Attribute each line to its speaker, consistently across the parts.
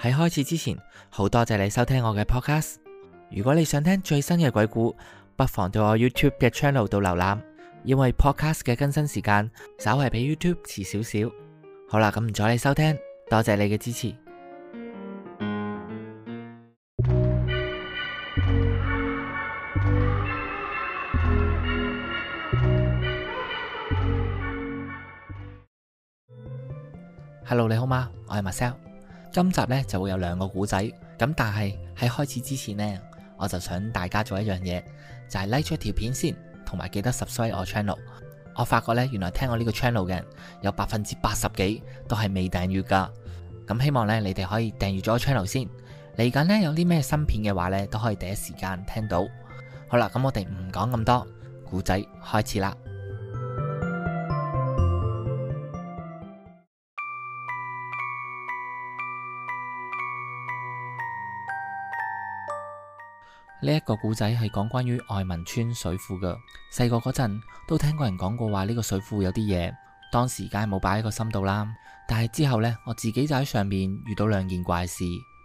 Speaker 1: 喺開始之前，好多謝你收聽我嘅 podcast。如果你想聽最新嘅鬼故，不妨到我 YouTube 嘅 channel 度瀏覽，因為 podcast 嘅更新時間稍為比 YouTube 遲少少。好啦，咁唔阻你收聽，多謝你嘅支持。Hello，你好嗎？我係 Marcel。今集呢就會有兩個故仔咁，但係喺開始之前呢，我就想大家做一樣嘢，就係拉出一條片先，同埋記得 subscribe 我 channel。我發覺呢，原來聽我呢個 channel 嘅人有百分之八十幾都係未訂閱噶。咁希望呢，你哋可以訂閱咗我 channel 先，嚟緊呢，有啲咩新片嘅話呢，都可以第一時間聽到。好啦，咁我哋唔講咁多古仔，故仔開始啦。呢一個古仔係講關於愛民邨水庫噶，細個嗰陣都聽過人講過話呢個水庫有啲嘢，當時梗係冇擺喺個心度啦。但係之後呢，我自己就喺上邊遇到兩件怪事。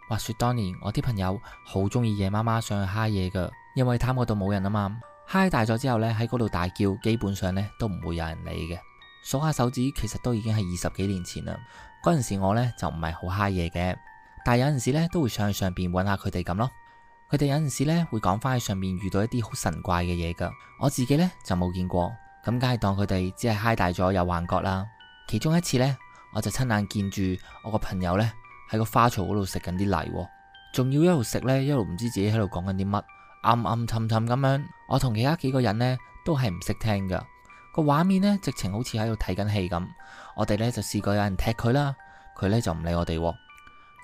Speaker 1: 話說當年我啲朋友好中意夜媽媽上去嗨嘢噶，因為貪嗰度冇人啊嘛。嗨大咗之後呢，喺嗰度大叫，基本上呢都唔會有人理嘅。數下手指，其實都已經係二十幾年前啦。嗰陣時我呢就唔係好嗨嘢嘅，但係有陣時咧都會上去上邊揾下佢哋咁咯。佢哋有陣時咧會講翻喺上面遇到一啲好神怪嘅嘢噶，我自己咧就冇見過，咁梗係當佢哋只係嗨大咗有幻覺啦。其中一次呢，我就親眼見住我個朋友呢喺個花槽嗰度食緊啲泥，仲要一路食呢，一路唔知自己喺度講緊啲乜，暗暗沉沉咁樣。我同其他幾個人呢都係唔識聽噶，個畫面呢直情好似喺度睇緊戲咁。我哋呢就試過有人踢佢啦，佢呢就唔理我哋啊。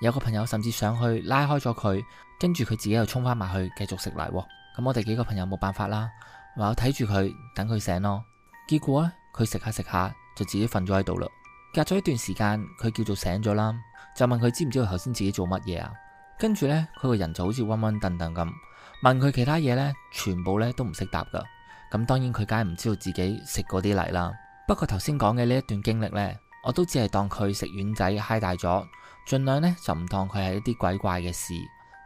Speaker 1: 有個朋友甚至上去拉開咗佢，跟住佢自己又沖返埋去繼續食泥。咁、嗯、我哋幾個朋友冇辦法啦，唯有睇住佢等佢醒咯。結果呢，佢食下食下就自己瞓咗喺度啦。隔咗一段時間，佢叫做醒咗啦，就問佢知唔知道頭先自己做乜嘢啊？跟住呢，佢個人就好似暈暈沌沌咁，問佢其他嘢呢，全部呢都唔識答噶。咁、嗯、當然佢梗係唔知道自己食嗰啲泥啦。不過頭先講嘅呢一段經歷呢。我都只係當佢食丸仔嗨大咗，盡量呢，就唔當佢係一啲鬼怪嘅事。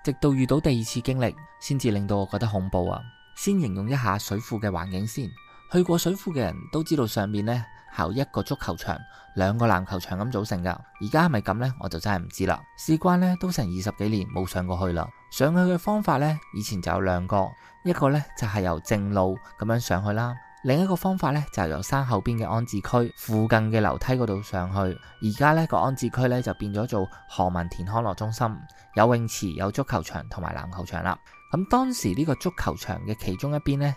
Speaker 1: 直到遇到第二次經歷，先至令到我覺得恐怖啊！先形容一下水庫嘅環境先。去過水庫嘅人都知道，上面呢，係由一個足球場、兩個籃球場咁組成噶。而家係咪咁呢，我就真係唔知啦。事關呢，都成二十幾年冇上過去啦。上去嘅方法呢，以前就有兩個，一個呢，就係、是、由正路咁樣上去啦。另一個方法咧，就由山後邊嘅安置區附近嘅樓梯嗰度上去。而家呢個安置區咧就變咗做何文田康樂中心，游泳池、有足球場同埋籃球場啦。咁當時呢個足球場嘅其中一邊呢，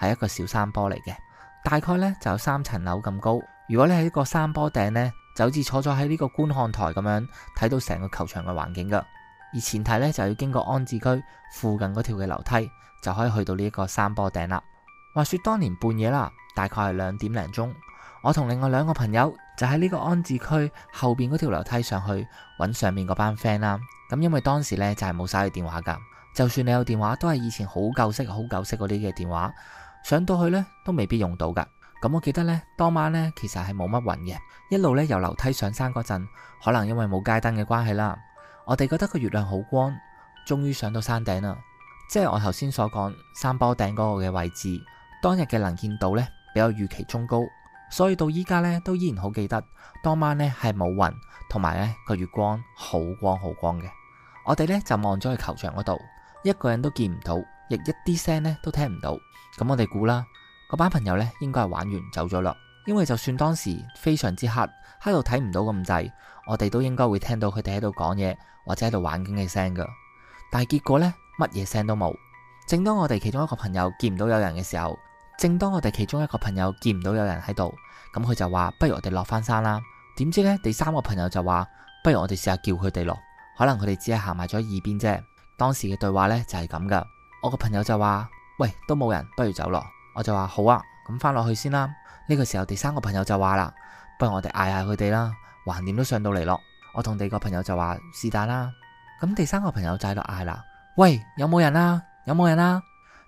Speaker 1: 係一個小山坡嚟嘅，大概呢就有三層樓咁高。如果你喺一個山坡頂呢，就好似坐咗喺呢個觀看台咁樣睇到成個球場嘅環境噶。而前提呢，就要經過安置區附近嗰條嘅樓梯，就可以去到呢一個山坡頂啦。話說當年半夜啦，大概係兩點零鐘，我同另外兩個朋友就喺呢個安置區後邊嗰條樓梯上去搵上面嗰班 friend 啦。咁因為當時呢就係冇晒手機電話噶，就算你有電話都係以前好舊式好舊式嗰啲嘅電話，上到去呢都未必用到噶。咁我記得呢，當晚呢其實係冇乜雲嘅，一路呢由樓梯上山嗰陣，可能因為冇街燈嘅關係啦，我哋覺得個月亮好光，終於上到山頂啦，即係我頭先所講山坡頂嗰個嘅位置。當日嘅能見度呢，比較預期中高，所以到依家呢，都依然好記得當晚呢，係冇雲，同埋呢個月光好光好光嘅。我哋呢，就望咗去球場嗰度，一個人都見唔到，亦一啲聲呢都聽唔到。咁我哋估啦，嗰班朋友呢應該係玩完走咗啦。因為就算當時非常之黑，黑到睇唔到咁滯，我哋都應該會聽到佢哋喺度講嘢或者喺度玩緊嘅聲噶。但係結果呢，乜嘢聲都冇。正當我哋其中一個朋友見唔到有人嘅時候，正當我哋其中一個朋友見唔到有人喺度，咁佢就話，不如我哋落翻山啦。點知呢，第三個朋友就話，不如我哋試下叫佢哋落，可能佢哋只係行埋咗一邊啫。當時嘅對話呢就係咁噶。我個朋友就話：，喂，都冇人，不如走咯。我就話好啊，咁翻落去先啦。呢、這個時候，第三個朋友就話啦：，不如我哋嗌下佢哋啦，橫掂都上到嚟落。我同第二個朋友就話是但啦。咁第三個朋友就喺度嗌啦：，喂，有冇人啊？有冇人啊？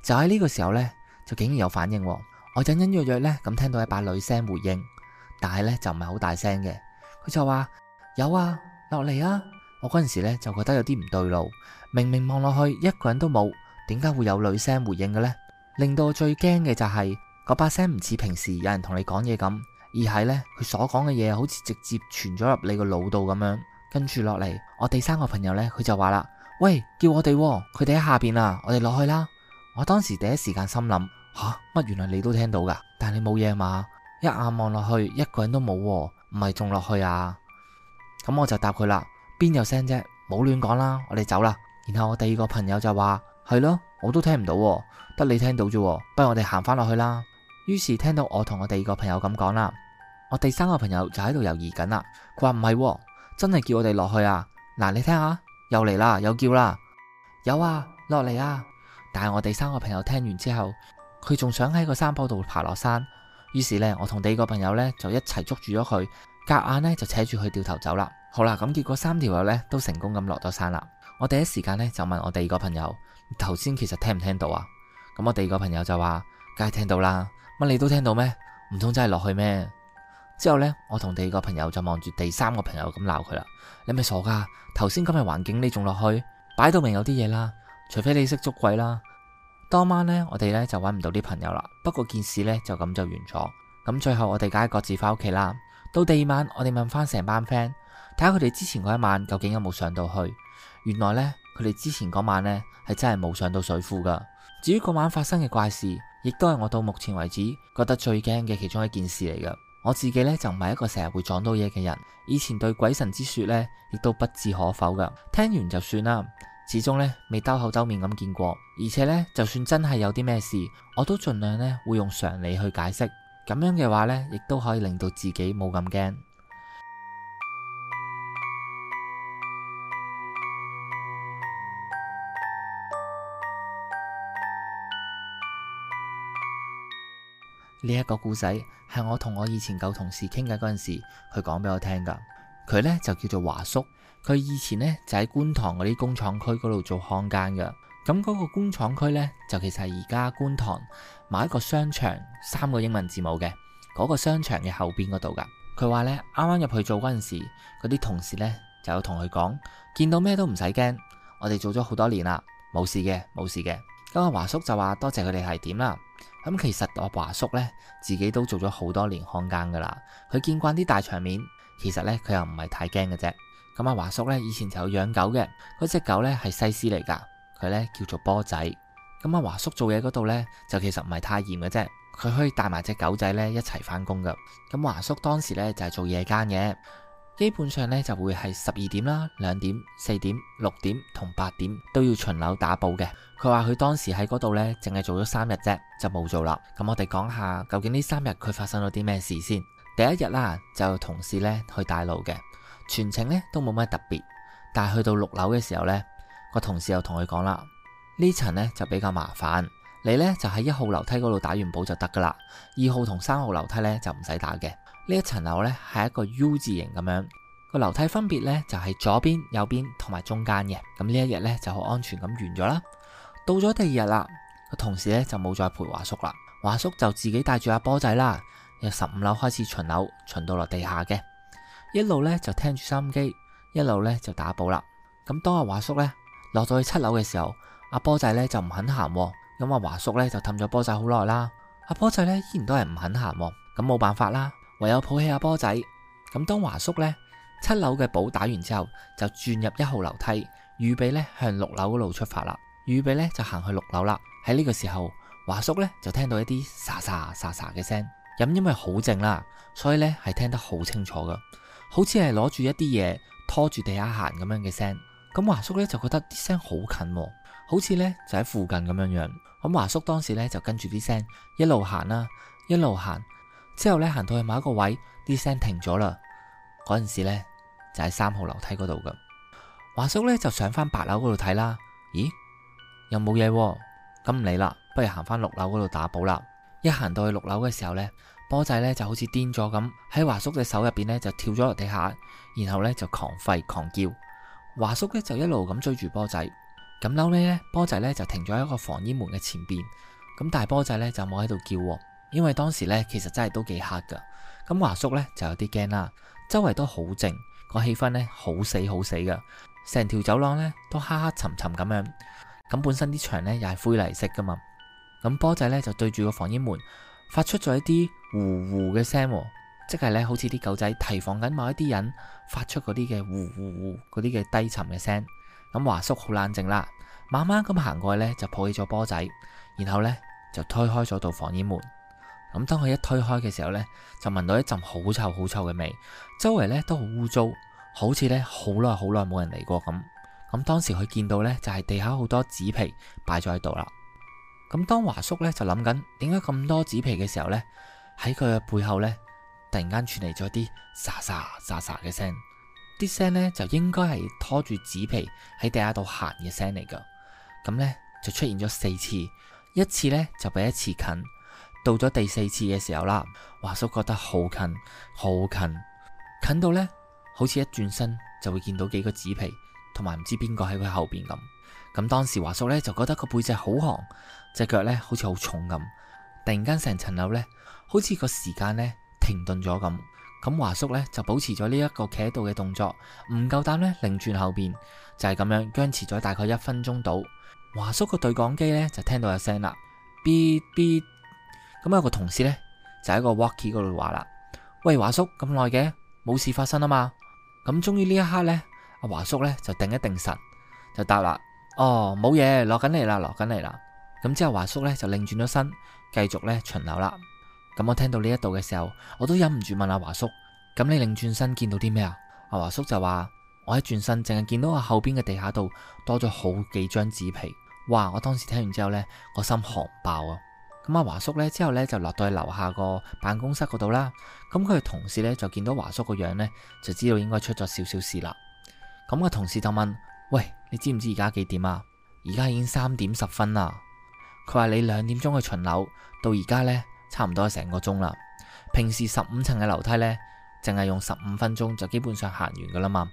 Speaker 1: 就喺呢個時候呢。就竟然有反應、哦，我隱隱約約咧咁聽到一把女聲回應，但係咧就唔係好大聲嘅。佢就話有啊，落嚟啊！我嗰陣時咧就覺得有啲唔對路，明明望落去一個人都冇，點解會有女聲回應嘅呢？令到我最驚嘅就係、是、嗰把聲唔似平時有人同你講嘢咁，而係咧佢所講嘅嘢好似直接傳咗入你個腦度咁樣。跟住落嚟，我第三個朋友咧佢就話啦：，喂，叫我哋、啊，佢哋喺下邊啦、啊，我哋落去啦。我當時第一時間心諗吓乜？啊、原來你都聽到噶，但係你冇嘢嘛？一眼望落去，一個人都冇，啊，唔係仲落去啊？咁我就答佢啦，邊有聲啫？冇亂講啦，我哋走啦。然後我第二個朋友就話係咯，我都聽唔到，啊，得你聽到啫。不如我哋行返落去啦。於是聽到我同我第二個朋友咁講啦，我第三個朋友就喺度猶豫緊啦，啊。佢話唔係，真係叫我哋落去啊！嗱，你聽下，又嚟啦，又叫啦，有啊，落嚟啊！但係我第三個朋友聽完之後，佢仲想喺個山坡度爬落山，於是呢，我同第二個朋友呢就一齊捉住咗佢，夾硬，硬呢就扯住佢掉頭走啦。好啦，咁結果三條友呢都成功咁落咗山啦。我第一時間呢就問我第二個朋友，頭先其實聽唔聽到啊？咁我第二個朋友就話梗係聽到啦。乜你都聽到咩？唔通真係落去咩？之後呢，我同第二個朋友就望住第三個朋友咁鬧佢啦。你咪傻噶？頭先咁嘅環境你仲落去，擺到明有啲嘢啦。除非你識捉鬼啦。當晚呢，我哋呢就搵唔到啲朋友啦。不過件事呢就咁就完咗。咁最後我哋梗係各自返屋企啦。到第二晚，我哋問翻成班 friend，睇下佢哋之前嗰一晚究竟有冇上到去。原來呢，佢哋之前嗰晚呢係真係冇上到水庫噶。至於嗰晚發生嘅怪事，亦都係我到目前為止覺得最驚嘅其中一件事嚟噶。我自己呢，就唔係一個成日會撞到嘢嘅人，以前對鬼神之說呢，亦都不置可否噶。聽完就算啦。始終呢未兜口兜面咁見過，而且呢就算真係有啲咩事，我都盡量呢會用常理去解釋，咁樣嘅話呢亦都可以令到自己冇咁驚。呢一 個故仔係我同我以前舊同事傾偈嗰陣時，佢講俾我聽噶，佢呢就叫做華叔。佢以前咧就喺觀塘嗰啲工廠區嗰度做看更嘅。咁嗰個工廠區咧就其實係而家觀塘某一個商場三個英文字母嘅嗰個商場嘅後邊嗰度㗎。佢話咧啱啱入去做嗰陣時，嗰啲同事咧就有同佢講，見到咩都唔使驚，我哋做咗好多年啦，冇事嘅，冇事嘅。咁阿華叔就話多謝佢哋係點啦。咁其實我華叔咧自己都做咗好多年看更㗎啦，佢見慣啲大場面，其實咧佢又唔係太驚嘅啫。咁阿華叔呢，以前就有養狗嘅，嗰隻狗呢，係西施嚟噶，佢呢叫做波仔。咁阿華叔做嘢嗰度呢，就其實唔係太嚴嘅啫，佢可以帶埋隻狗仔呢一齊返工噶。咁華叔當時呢，就係做夜更嘅，基本上呢，就會係十二點啦、兩點、四點、六點同八點都要巡樓打補嘅。佢話佢當時喺嗰度呢，淨係做咗三日啫，就冇做啦。咁我哋講下究竟呢三日佢發生咗啲咩事先。第一日啦，就同事呢去帶路嘅。全程咧都冇咩特別，但係去到六樓嘅時候呢，個同事又同佢講啦：呢層呢就比較麻煩，你呢就喺一號樓梯嗰度打完簿就得噶啦。二號同三號樓梯呢就唔使打嘅。呢一層樓呢係一個 U 字形咁樣，個樓梯分別呢就係左邊、右邊同埋中間嘅。咁呢一日呢就好安全咁完咗啦。到咗第二日啦，個同事呢就冇再陪華叔啦，華叔就自己帶住阿波仔啦，由十五樓開始巡樓，巡到落地下嘅。一路咧就聽住收音機，一路咧就打簿啦。咁當阿華叔咧落到去七樓嘅時候，阿波仔咧就唔肯行、啊，咁阿華叔咧就氹咗波仔好耐啦。阿波仔咧依然都係唔肯行、啊，咁冇辦法啦，唯有抱起阿波仔。咁當華叔咧七樓嘅簿打完之後，就轉入一號樓梯，預備咧向六樓嗰度出發啦。預備咧就行去六樓啦。喺呢個時候，華叔咧就聽到一啲沙沙沙沙嘅聲，咁因為好靜啦，所以咧係聽得好清楚噶。好似係攞住一啲嘢拖住地下行咁樣嘅聲，咁華叔呢就覺得啲聲好近、喎，好似呢就喺附近咁樣樣。咁華叔當時呢就跟住啲聲一路行啦，一路行、啊、之後呢，行到去某一個位，啲聲停咗啦。嗰陣時呢就喺三號樓梯嗰度咁，華叔呢就上返八樓嗰度睇啦。咦，又冇嘢、喎，咁唔理啦，不如行返六樓嗰度打簿啦。一行到去六樓嘅時候呢。波仔咧就好似癲咗咁，喺華叔隻手入邊咧就跳咗落地下，然後咧就狂吠狂叫。華叔咧就一路咁追住波仔咁嬲尾咧，波仔咧就停咗喺一個防煙門嘅前邊。咁但係波仔咧就冇喺度叫，因為當時咧其實真係都幾黑噶。咁華叔咧就有啲驚啦，周圍都好靜，個氣氛咧好死好死噶，成條走廊咧都黑黑沉沉咁樣。咁本身啲牆咧又係灰泥色噶嘛，咁波仔咧就對住個防煙門發出咗一啲。嗚嗚嘅聲，即係咧，好似啲狗仔提防緊某一啲人發出嗰啲嘅嗚嗚嗚嗰啲嘅低沉嘅聲。咁華叔好冷靜啦，慢慢咁行過去咧，就抱起咗波仔，然後咧就推開咗道防煙門。咁當佢一推開嘅時候咧，就聞到一陣好臭好臭嘅味，周圍咧都好污糟，好似咧好耐好耐冇人嚟過咁。咁當時佢見到咧就係地下好多紙皮擺咗喺度啦。咁當華叔咧就諗緊點解咁多紙皮嘅時候咧。喺佢嘅背後呢，突然間傳嚟咗啲沙沙沙沙嘅聲，啲聲呢，就應該係拖住紙皮喺地下度行嘅聲嚟㗎。咁呢，就出現咗四次，一次呢，就比一次近。到咗第四次嘅時候啦，華叔覺得好近，好近，近到呢，好似一轉身就會見到幾個紙皮同埋唔知邊個喺佢後邊咁。咁當時華叔呢，就覺得個背脊好寒，隻腳呢，好似好重咁。突然間成層樓呢。好似個時間呢停頓咗咁，咁華叔呢就，保持咗呢一個企喺度嘅動作，唔夠膽呢，擰轉後邊就係、是、咁樣僵持咗大概一分鐘到。華叔個對講機呢，就聽到一聲啦，B B，咁有個同事呢，就喺個 walkie 嗰度話啦，喂華叔咁耐嘅冇事發生啊嘛？咁終於呢一刻呢，阿華叔呢就定一定神就答啦，哦，冇嘢落緊嚟啦，落緊嚟啦。咁之後華叔呢就擰轉咗身繼續呢巡樓啦。咁我聽到呢一度嘅時候，我都忍唔住問阿華叔：，咁你擰轉身見到啲咩啊？阿華叔就話：，我一轉身淨係見到我後邊嘅地下度多咗好幾張紙皮。哇！我當時聽完之後呢，個心寒爆啊！咁阿華叔呢之後呢，就落到去樓下個辦公室嗰度啦。咁佢同事呢，就見到華叔個樣呢，就知道應該出咗少少事啦。咁個同事就問：，喂，你知唔知而家幾點啊？而家已經三點十分啦。佢話你兩點鐘去巡樓，到而家呢。」差唔多成個鐘啦，平時十五層嘅樓梯呢，淨係用十五分鐘就基本上行完噶啦嘛。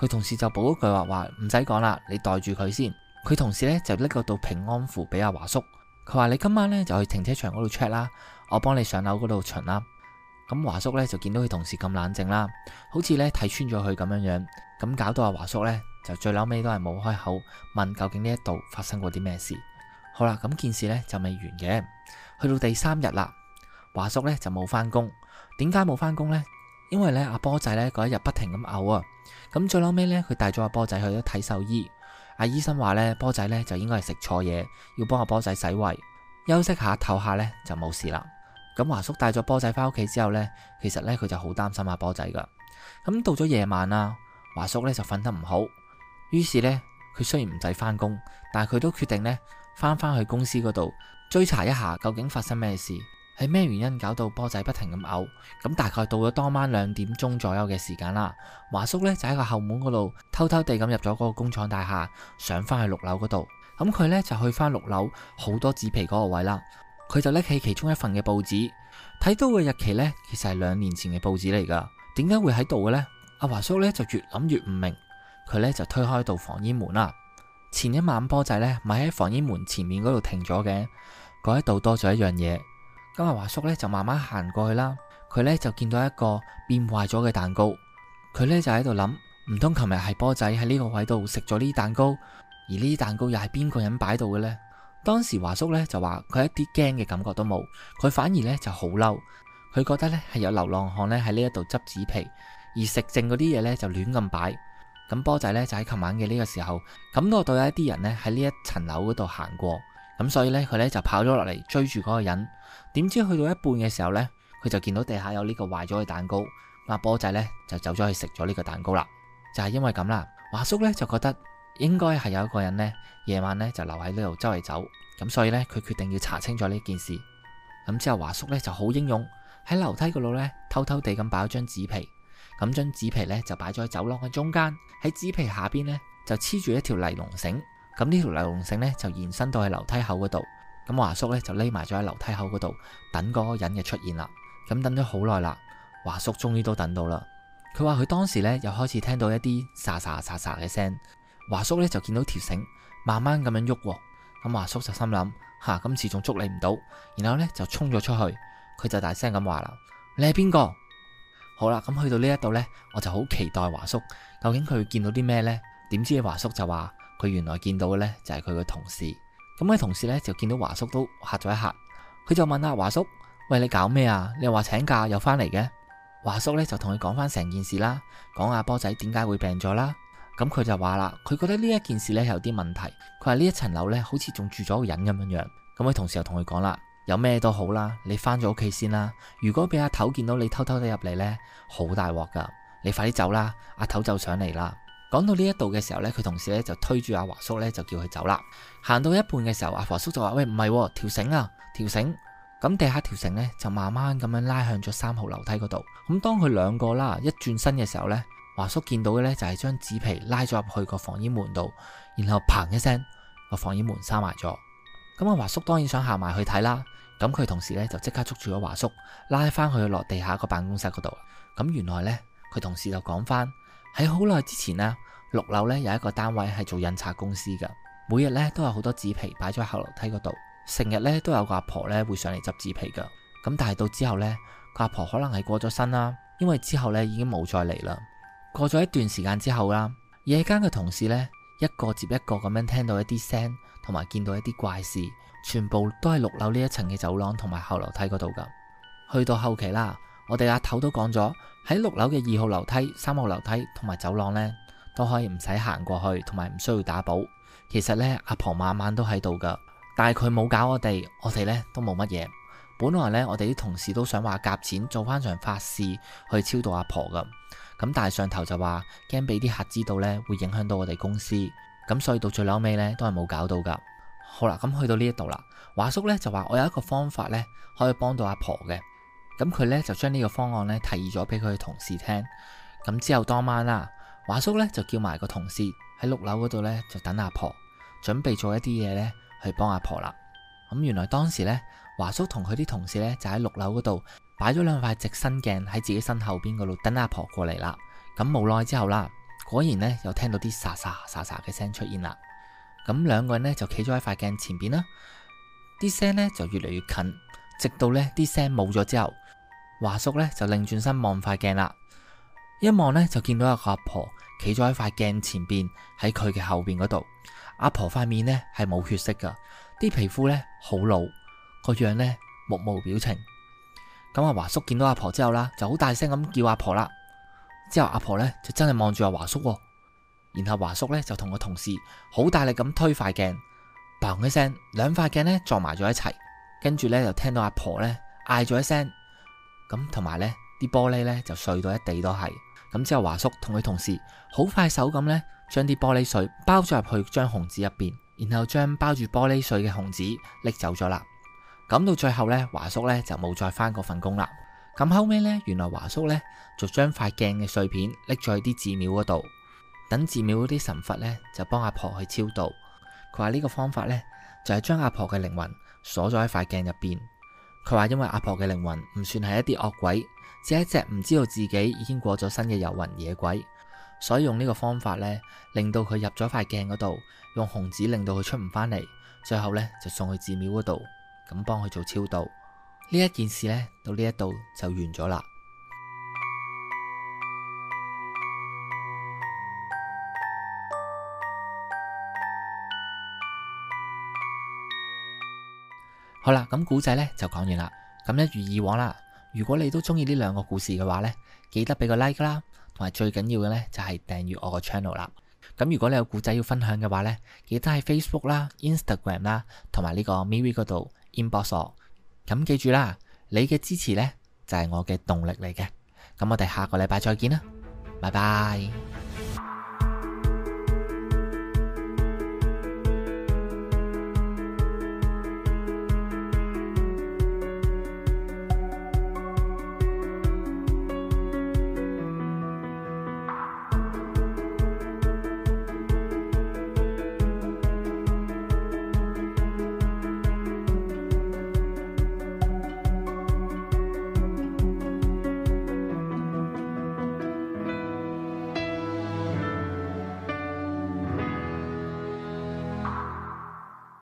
Speaker 1: 佢同事就補咗句話話，唔使講啦，你袋住佢先。佢同事呢，就拎個到平安符俾阿華叔，佢話你今晚呢，就去停車場嗰度 check 啦，我幫你上樓嗰度巡啦。咁華叔，叔呢，就見到佢同事咁冷靜啦，好似呢睇穿咗佢咁樣樣，咁搞到阿華叔，叔呢，就最嬲尾都係冇開口問究竟呢一度發生過啲咩事。好啦，咁件事呢，就未完嘅。去到第三日啦，華叔咧就冇返工。點解冇返工呢？因為咧阿波仔咧嗰一日不停咁嘔啊！咁最撈尾咧，佢帶咗阿波仔去咗睇獸醫。阿醫生話咧，波仔咧就應該係食錯嘢，要幫阿波仔洗胃、休息下、唞下咧就冇事啦。咁華叔帶咗波仔返屋企之後咧，其實咧佢就好擔心阿波仔噶。咁到咗夜晚啦，華叔咧就瞓得唔好，於是咧佢雖然唔使返工，但係佢都決定咧翻返去公司嗰度。追查一下究竟發生咩事，係咩原因搞到波仔不停咁嘔？咁大概到咗當晚兩點鐘左右嘅時間啦，華叔呢就喺個後門嗰度偷偷地咁入咗嗰個工廠大廈，上返去六樓嗰度。咁佢呢就去返六樓好多紙皮嗰個位啦，佢就拎起其中一份嘅報紙，睇到嘅日期呢其實係兩年前嘅報紙嚟噶，點解會喺度嘅呢？阿、啊、華叔呢就越諗越唔明，佢呢就推開道防煙門啦。前一晚波仔呢咪喺防煙門前面嗰度停咗嘅。嗰一度多咗一樣嘢，今日華叔咧就慢慢行過去啦。佢咧就見到一個變壞咗嘅蛋糕，佢咧就喺度諗，唔通琴日係波仔喺呢個位度食咗呢蛋糕，而呢啲蛋糕又係邊個人擺到嘅呢？當時華叔咧就話佢一啲驚嘅感覺都冇，佢反而咧就好嬲，佢覺得咧係有流浪漢咧喺呢一度執紙皮，而食剩嗰啲嘢咧就亂咁擺。咁波仔咧就喺琴晚嘅呢個時候感覺到有一啲人咧喺呢一層樓嗰度行過。咁所以咧，佢咧就跑咗落嚟追住嗰個人，點知去到一半嘅時候呢，佢就見到地下有呢個壞咗嘅蛋糕，阿波仔呢就走咗去食咗呢個蛋糕啦。就係因為咁啦，華叔呢就覺得應該係有一個人呢夜晚呢就留喺呢度周圍走，咁所以呢，佢決定要查清楚呢件事。咁之後華叔呢就好英勇，喺樓梯嗰度呢偷偷地咁擺咗張紙皮，咁張紙皮呢就擺咗喺走廊嘅中間，喺紙皮下邊呢就黐住一條尼龍繩。咁呢條尼龍繩呢就延伸到喺樓梯口嗰度。咁華叔呢，就匿埋咗喺樓梯口嗰度等嗰個人嘅出現啦。咁等咗好耐啦，華叔終於都等到啦。佢話佢當時呢，又開始聽到一啲沙沙沙沙嘅聲。華叔呢，就見到條繩慢慢咁樣喐，咁華叔就心諗吓、啊、今次仲捉你唔到，然後呢，就衝咗出去。佢就大聲咁話啦：，你係邊個？好啦，咁去到呢一度呢，我就好期待華叔究竟佢會見到啲咩呢？點知華叔就話。佢原來見到嘅呢，就係佢個同事，咁位同事呢，就見到華叔都嚇咗一嚇，佢就問阿華叔，喂，你搞咩啊？你又話請假又返嚟嘅？華叔呢，就同佢講翻成件事啦，講阿波仔點解會病咗啦，咁佢就話啦，佢覺得呢一件事呢有啲問題，佢話呢一層樓呢，好似仲住咗一個人咁樣樣，咁位同事就同佢講啦，有咩都好啦，你翻咗屋企先啦，如果俾阿頭見到你偷偷地入嚟呢，好大鑊噶，你快啲走啦，阿頭就上嚟啦。講到呢一度嘅時候呢，佢同事咧就推住阿華叔咧，就叫佢走啦。行到一半嘅時候，阿華叔就話：喂，唔係，條繩啊，條繩、啊。咁地下條繩呢就慢慢咁樣拉向咗三號樓梯嗰度。咁當佢兩個啦一轉身嘅時候呢，華叔見到嘅呢就係將紙皮拉咗入去個防煙門度，然後砰一聲個防煙門閂埋咗。咁阿華叔當然想行埋去睇啦。咁佢同事呢就即刻捉住咗華叔，拉翻佢落地下個辦公室嗰度。咁原來呢，佢同事就講翻。喺好耐之前呢，六樓呢有一個單位係做印刷公司噶，每日呢都有好多紙皮擺咗喺後樓梯嗰度，成日呢都有個阿婆呢會上嚟執紙皮噶。咁但係到之後呢，個阿婆可能係過咗身啦，因為之後呢已經冇再嚟啦。過咗一段時間之後啦，夜間嘅同事呢一個接一個咁樣聽到一啲聲，同埋見到一啲怪事，全部都係六樓呢一層嘅走廊同埋後樓梯嗰度噶。去到後期啦。我哋阿頭都講咗喺六樓嘅二號樓梯、三號樓梯同埋走廊呢，都可以唔使行過去，同埋唔需要打補。其實呢，阿婆晚晚都喺度噶，但係佢冇搞我哋，我哋呢都冇乜嘢。本來呢，我哋啲同事都想話夾錢做翻場法事去超度阿婆噶，咁但係上頭就話驚俾啲客知道呢會影響到我哋公司，咁所以到最後尾呢，都係冇搞到噶。好啦，咁去到呢一度啦，華叔呢就話我有一個方法呢，可以幫到阿婆嘅。咁佢咧就將呢個方案咧提議咗俾佢嘅同事聽。咁之後當晚啦，華叔咧就叫埋個同事喺六樓嗰度咧就等阿婆，準備做一啲嘢咧去幫阿婆啦。咁原來當時咧，華叔同佢啲同事咧就喺六樓嗰度擺咗兩塊直身鏡喺自己身後邊嗰度等阿婆過嚟啦。咁無耐之後啦，果然咧又聽到啲沙沙沙沙嘅聲出現啦。咁兩個人咧就企咗喺塊鏡前邊啦，啲聲咧就越嚟越近，直到咧啲聲冇咗之後。華叔咧就擰轉身望塊鏡啦，一望咧就見到一個阿婆企咗喺塊鏡前邊，喺佢嘅後邊嗰度。阿婆塊面咧係冇血色噶，啲皮膚咧好老，個樣咧目無表情。咁阿華叔見到阿婆，婆之後啦，就好大聲咁叫阿婆啦。之後阿婆咧就真係望住阿華叔，哦，然後華叔咧就同個同事好大力咁推塊鏡，嘭一聲，兩塊鏡咧撞埋咗一齊，跟住咧就聽到阿婆咧嗌咗一聲。咁同埋呢啲玻璃呢，就碎到一地都係。咁之後，華叔同佢同事好快手咁呢，將啲玻璃碎包咗入去，張紅紙入邊，然後將包住玻璃碎嘅紅紙拎走咗啦。咁到最後呢，華叔呢就冇再返過份工啦。咁後尾呢，原來華叔呢就將塊鏡嘅碎片拎咗去啲寺廟嗰度，等寺廟嗰啲神佛呢，就幫阿婆去超度。佢話呢個方法呢，就係將阿婆嘅靈魂鎖咗喺塊鏡入邊。佢話因為阿婆嘅靈魂唔算係一啲惡鬼，只係一隻唔知道自己已經過咗身嘅遊魂野鬼，所以用呢個方法呢，令到佢入咗塊鏡嗰度，用紅紙令到佢出唔返嚟，最後呢就送去寺廟嗰度，咁幫佢做超度。呢一件事呢，到呢一度就完咗啦。好啦，咁古仔呢就講完啦。咁一如以往啦，如果你都中意呢兩個故事嘅話呢，記得俾個 like 啦，同埋最緊要嘅呢就係訂閱我個 channel 啦。咁如果你有古仔要分享嘅話呢，記得喺 Facebook 啦、Instagram 啦同埋呢個 MeWe 嗰度 inbox 我。咁記住啦，你嘅支持呢就係我嘅動力嚟嘅。咁我哋下個禮拜再見啦，拜拜。